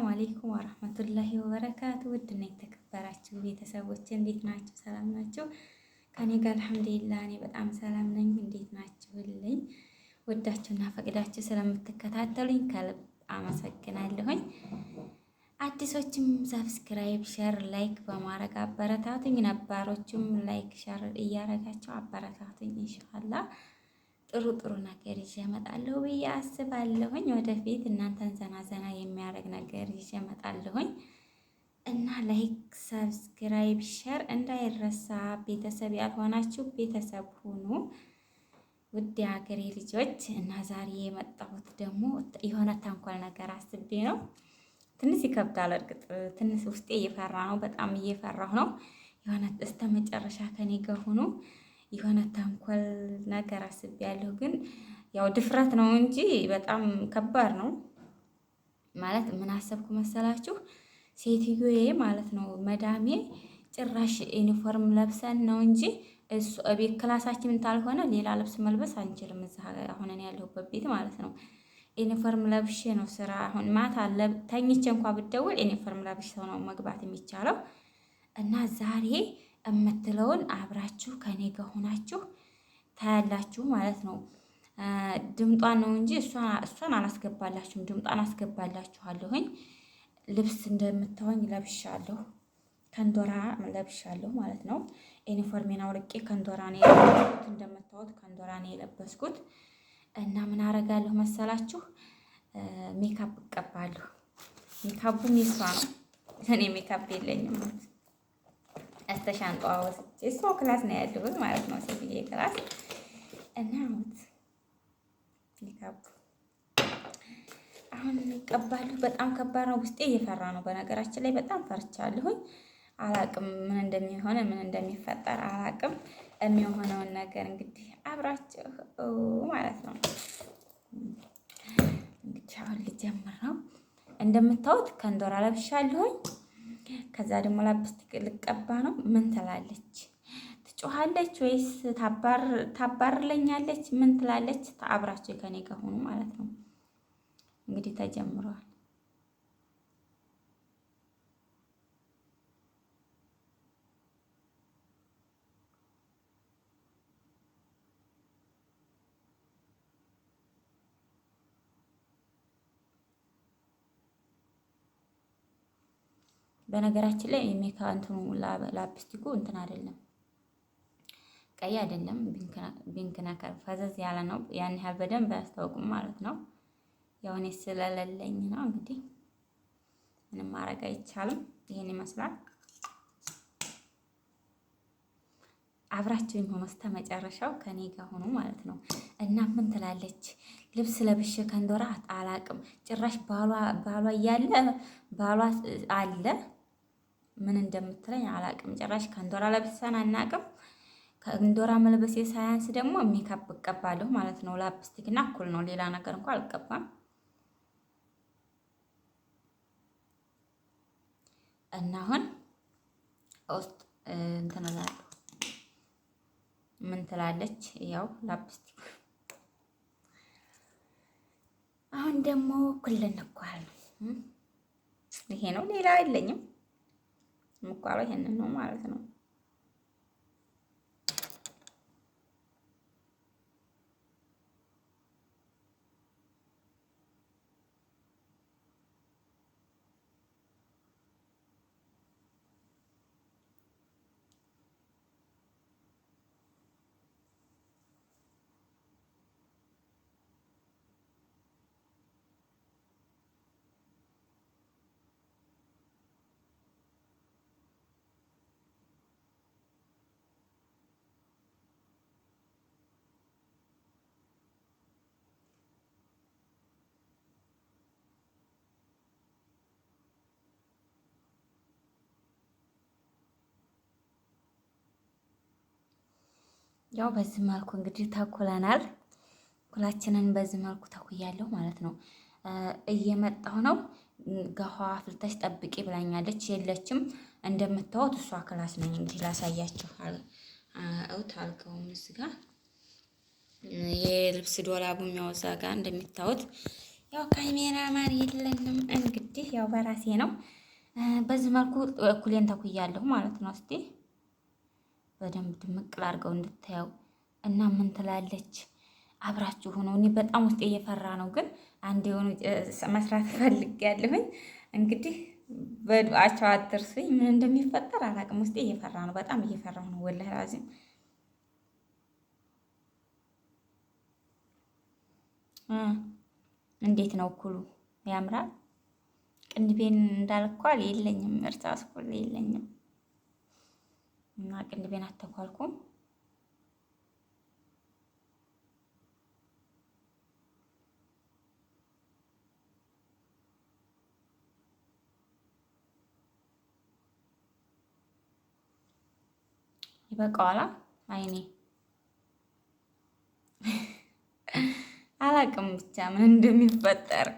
ሰላም አሌይኩም ወረህመቱላሂ ወበረካቱ። ውድና የተከበራችሁ ቤተሰቦች እንዴት ናችሁ? ሰላም ናችሁ? ከኔ ጋር አልሐምዱሊላህ እኔ በጣም ሰላም ነኝ። እንዴት ናችሁልኝ? ወዳችሁና ፈቅዳችሁ ስለምትከታተሉኝ ከልብ አመሰግናለሁኝ። አዲሶችም ሰብስክራይብ፣ ሸር፣ ላይክ በማድረግ አበረታቱኝ። ነባሮችም ላይክ ሸር እያረጋችሁ አበረታቱኝ። ኢንሻአላህ ጥሩ ጥሩ ነገር ይዤ እመጣለሁ ብዬ አስባለሁኝ። ወደፊት እናንተን ዘና ዘና የሚያደርግ ነገር ይዤ እመጣለሁኝ እና ላይክ፣ ሰብስክራይብ፣ ሸር እንዳይረሳ። ቤተሰብ ያልሆናችሁ ቤተሰብ ሁኑ ውድ የሀገሬ ልጆች። እና ዛሬ የመጣሁት ደግሞ የሆነ ተንኮል ነገር አስቤ ነው። ትንሽ ይከብዳል። እርግጥ ትንሽ ውስጤ እየፈራ ነው፣ በጣም እየፈራሁ ነው። የሆነ እስከ መጨረሻ ከኔ ጋር ሁኑ። የሆነ ተንኮል ነገር አስቤያለሁ። ግን ያው ድፍረት ነው እንጂ በጣም ከባድ ነው። ማለት ምን አሰብኩ መሰላችሁ? ሴትዮዬ ማለት ነው መዳሜ ጭራሽ ዩኒፎርም ለብሰን ነው እንጂ እሱ ቤት ክላሳችንን ታልሆነ ሌላ ልብስ መልበስ አንችልም። እዛ ያለሁበት ቤት ማለት ነው ዩኒፎርም ለብሼ ነው ስራ። አሁን ማታ ተኝቼ እንኳ ብደውል ዩኒፎርም ለብሼ ነው መግባት የሚቻለው እና ዛሬ የምትለውን አብራችሁ ከኔ ጋር ሆናችሁ ታያላችሁ ማለት ነው። ድምጧን ነው እንጂ እሷን አላስገባላችሁም። ድምጧን አስገባላችኋለሁኝ። ልብስ እንደምታወኝ ለብሻለሁ፣ ከንዶራ ለብሻለሁ ማለት ነው። ዩኒፎርሜን አውልቄ ከንዶራ ነው የለበስኩት። እንደምታወት ከንዶራ ነው የለበስኩት እና ምን አረጋለሁ መሰላችሁ? ሜካፕ እቀባለሁ። ሜካፑም የሷ ነው፣ እኔ ሜካፕ የለኝም። አስተሻንጧ ወስጄ እሷ ክላስ ነው ያለሁት ማለት ነው። ሴትዬ ክላስ እና አሁት አሁን ይቀባሉ። በጣም ከባድ ነው። ውስጤ እየፈራ ነው። በነገራችን ላይ በጣም ፈርቻለሁኝ። አላቅም ምን እንደሚሆነ ምን እንደሚፈጠር አላቅም። የሚሆነውን ነገር እንግዲህ አብራችሁ ማለት ነው። እንግዲህ አሁን ልጀምር ነው። እንደምታዩት ከንዶራ ለብሻለሁኝ ከዛ ደግሞ ላፕስቲክ ልቀባ ነው። ምን ትላለች? ትጮሃለች ወይስ ታባርለኛለች? ምን ትላለች? አብራቸው ከኔ ከሆኑ ማለት ነው። እንግዲህ ተጀምሯል። በነገራችን ላይ የሜካ እንትኑ ላፕስቲኩ እንትን አይደለም ቀይ አይደለም፣ ፒንክ ነገር ፈዘዝ ያለ ነው። ያን ያህል በደንብ አያስታውቅም ማለት ነው። ያው እኔ ስለሌለኝ ነው እንግዲህ ምንም ማድረግ አይቻልም። ይሄን ይመስላል። አብራችሁኝ ሆኖ እስከ መጨረሻው ከኔ ጋር ሆኖ ማለት ነው። እና ምን ትላለች? ልብስ ለብሼ ከንዶራ አላቅም ጭራሽ ባሏ እያለ ባሏ አለ ምን እንደምትለኝ አላቅም። ጭራሽ ከንዶራ ለብሰን አናቅም። ከእንዶራ መልበስ የሳያንስ ደግሞ ሜካፕ እቀባለሁ ማለት ነው። ላፕስቲክ እና እኩል ነው። ሌላ ነገር እንኳ አልቀባም። እና አሁን ውስጥ እንትን እላለሁ። ምን ትላለች? ያው ላፕስቲክ አሁን ደግሞ ኩልን እኳል ነው። ይሄ ነው። ሌላ የለኝም። ምቋሯ ይሄንን ነው ማለት ነው። ያው በዚህ መልኩ እንግዲህ ተኩለናል። ኩላችንን በዚህ መልኩ ተኩያለሁ ማለት ነው። እየመጣሁ ነው። ገኋ ፍልተሽ ጠብቂ ብላኛለች። የለችም እንደምታወት እሷ ክላስ ነኝ። እንግዲህ ላሳያችሁ። እውት አልገውም እዚህ ጋር የልብስ ዶላቡ የሚያወዛ ጋር እንደሚታወት ያው ካሜራ ማን የለንም እንግዲህ ያው በራሴ ነው። በዚህ መልኩ እኩሌን ተኩያለሁ ማለት ነው። እስቲ በደንብ ድምቅ ላርገው እንድታየው እና ምን ትላለች? አብራችሁ ሆኖ እኔ በጣም ውስጤ እየፈራ ነው፣ ግን አንድ የሆኑ መስራት ያለሁኝ እንግዲህ በዱአቸው አትርሱኝ። ምን እንደሚፈጠር አላውቅም። ውስጤ እየፈራ ነው፣ በጣም እየፈራ ነው። ወላሂ ላዚም እንዴት ነው እኩሉ ያምራል። ቅንድቤን እንዳልኳል የለኝም፣ እርሳስ የለኝም። እና ቅልቤን አተኳልኩም። ይበቃዋላ። አይኔ አላቅም ብቻ ምን እንደሚፈጠር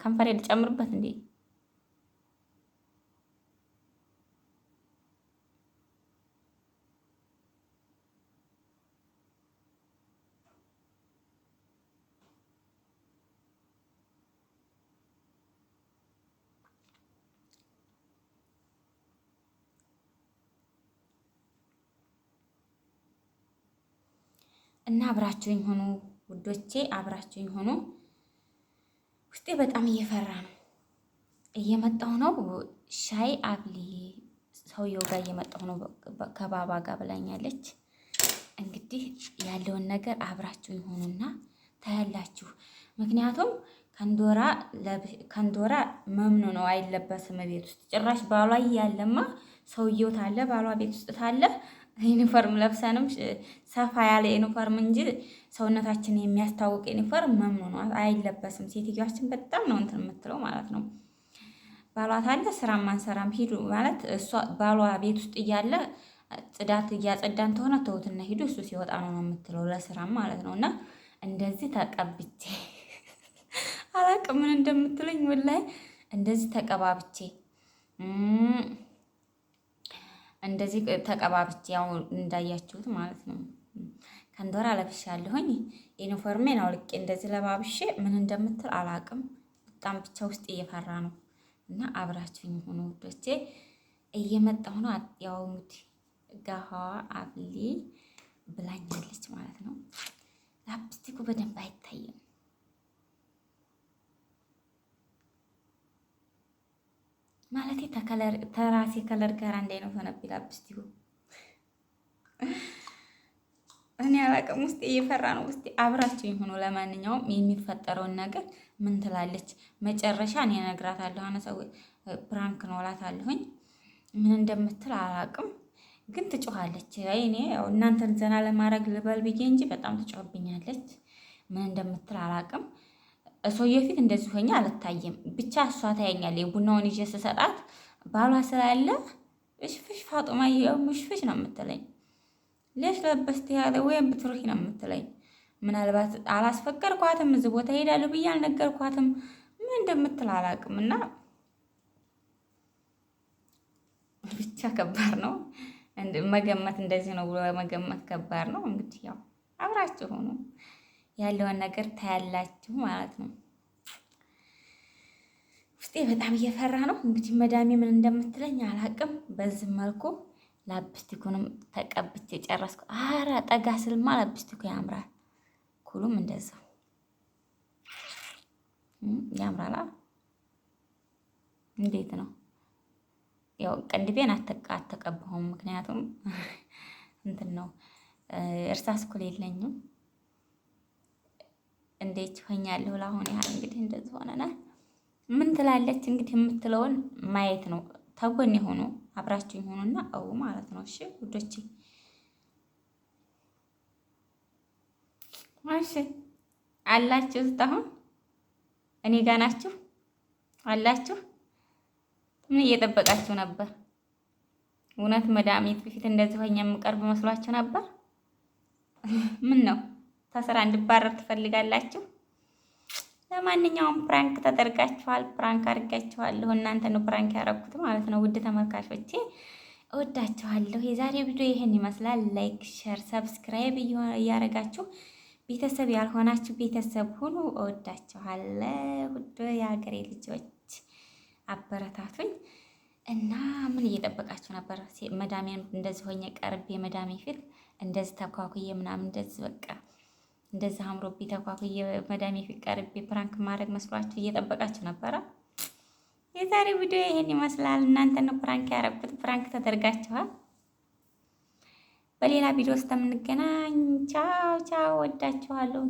ከንፈሬ ልጨምርበት እንዴ? እና አብራችሁኝ ሆኑ ውዶቼ፣ አብራችሁኝ ሆኑ። ውስጤ በጣም እየፈራ ነው። እየመጣሁ ነው ሻይ አብሊ ሰውየው ጋር እየመጣሁ ነው ከባባ ጋር ብላኛለች። እንግዲህ ያለውን ነገር አብራችሁኝ ሆኑና ታያላችሁ። ምክንያቱም ከንዶራ መምኑ ነው አይለበስም ቤት ውስጥ ጭራሽ ባሏ ያለማ ሰውየው ታለ ባሏ ቤት ውስጥ ታለ ዩኒፎርም ለብሰንም ሰፋ ያለ ዩኒፎርም እንጂ ሰውነታችን የሚያስታውቅ ዩኒፎርም መምኑ ነው አይለበስም። ሴትዮችን በጣም ነው እንትን የምትለው ማለት ነው። ባሏ ታለ ስራም አንሰራም ሂዱ ማለት እሷ ባሏ ቤት ውስጥ እያለ ጽዳት እያጸዳን ተሆነ ተውትና ሂዱ እሱ ሲወጣ ነው የምትለው ለስራም ማለት ነው። እና እንደዚህ ተቀብቼ አላቅም ምን እንደምትለኝ ወላሂ እንደዚህ ተቀባብቼ እንደዚህ ተቀባብቼ ያው እንዳያችሁት ማለት ነው። ያለሁኝ አለብሻለሁኝ ዩኒፎርሜን አውልቄ እንደዚህ ለባብሼ ምን እንደምትል አላቅም። በጣም ብቻ ውስጥ እየፈራ ነው እና አብራችሁኝ ሆኖ ውዶቼ እየመጣሁ ነው። ያው እንግዲህ ጋሃዋ አብሊ ብላኛለች ማለት ነው። ላፕስቲኩ በደንብ አይታይም። ማለት ተራሴ ከለር ጋር አንድ አይነት ሆነብኝ ዲሁ እኔ አላቅም። ውስጤ እየፈራ ነው። ውስጤ አብራችሁ ይሁኑ። ለማንኛውም የሚፈጠረውን ነገር ምን ትላለች መጨረሻ እኔ እነግራታለሁ። አነ ሰው ፕራንክ ነው እላታለሁኝ። ምን እንደምትል አላቅም፣ ግን ትጮኻለች። እኔ ያው እናንተን ዘና ለማድረግ ልበል ብዬ እንጂ በጣም ትጮህብኛለች። ምን እንደምትል አላቅም። ሰውዬ ፊት እንደዚህ ሆኜ አልታይም። ብቻ እሷ ታያኛለ። የቡናውን ይዤ ስሰጣት ባሏ ስላለ እሽፍሽ ፋጡማ ያው ምሽፍሽ ነው የምትለኝ። ሌሽ ለበስት ያለ ወይም ብትሩሂ ነው የምትለኝ። ምናልባት አላስፈቀድኳትም፣ እዚህ ቦታ ሄዳለሁ ብዬ አልነገርኳትም። ምን እንደምትል አላቅም። እና ብቻ ከባድ ነው መገመት። እንደዚህ ነው ብሎ መገመት ከባድ ነው። እንግዲህ ያው አብራችሁ ሆኑ። ያለውን ነገር ታያላችሁ ማለት ነው። ውስጤ በጣም እየፈራ ነው። እንግዲህ መዳሜ ምን እንደምትለኝ አላቅም። በዚህ መልኩ ላፕስቲኩንም ተቀብቼ ጨረስኩ። አረ ጠጋ ስልማ ላፕስቲኩ ያምራል። ኩሉም እንደዛ ያምራላ። እንዴት ነው ያው ቅንድቤን አልተቀባሁም ምክንያቱም እንትን ነው እርሳስ ኩል የለኝም። እንዴት ሆኛለሁ ለአሁን ያህል እንግዲህ እንደዚህ ሆነና ምን ትላለች እንግዲህ የምትለውን ማየት ነው። ተጎን የሆኑ አብራችሁ የሆኑና አው ማለት ነው። እሺ ውዶቼ፣ እሺ አላችሁ እስካሁን እኔ ጋናችሁ ናችሁ አላችሁ። ምን እየጠበቃችሁ ነበር? እውነት መድኃኒት በፊት እንደዚህ ሆኜ የምቀርብ መስሏችሁ ነበር? ምን ነው ከስራ እንድባረር ትፈልጋላችሁ። ለማንኛውም ፕራንክ ተደርጋችኋል፣ ፕራንክ አድርጋችኋለሁ። እናንተ ነው ፕራንክ ያረኩት ማለት ነው። ውድ ተመልካቾቼ እወዳችኋለሁ። የዛሬ ቪዲዮ ይህን ይመስላል። ላይክ፣ ሸር፣ ሰብስክራይብ እያደረጋችሁ ቤተሰብ ያልሆናችሁ ቤተሰብ ሁኑ። እወዳችኋለሁ። ውድ የሀገሬ ልጆች አበረታቱኝ እና ምን እየጠበቃችሁ ነበር? መዳሜን እንደዚህ ሆኜ ቀርቤ መዳሜ ፊት እንደዚህ ተኳኩዬ ምናምን እንደዚህ በቃ እንደዚህ አምሮብኝ ተኳኩዬ መዳሜ ፊት ቀርቤ ፕራንክ ማድረግ መስሏችሁ እየጠበቃችሁ ነበረ። የዛሬ ቪዲዮ ይሄን ይመስላል። እናንተ ነው ፕራንክ ያረኩት። ፕራንክ ተደርጋችኋል። በሌላ ቪዲዮ ውስጥ ምንገናኝ ቻው ቻው፣ ወዳችኋለሁ።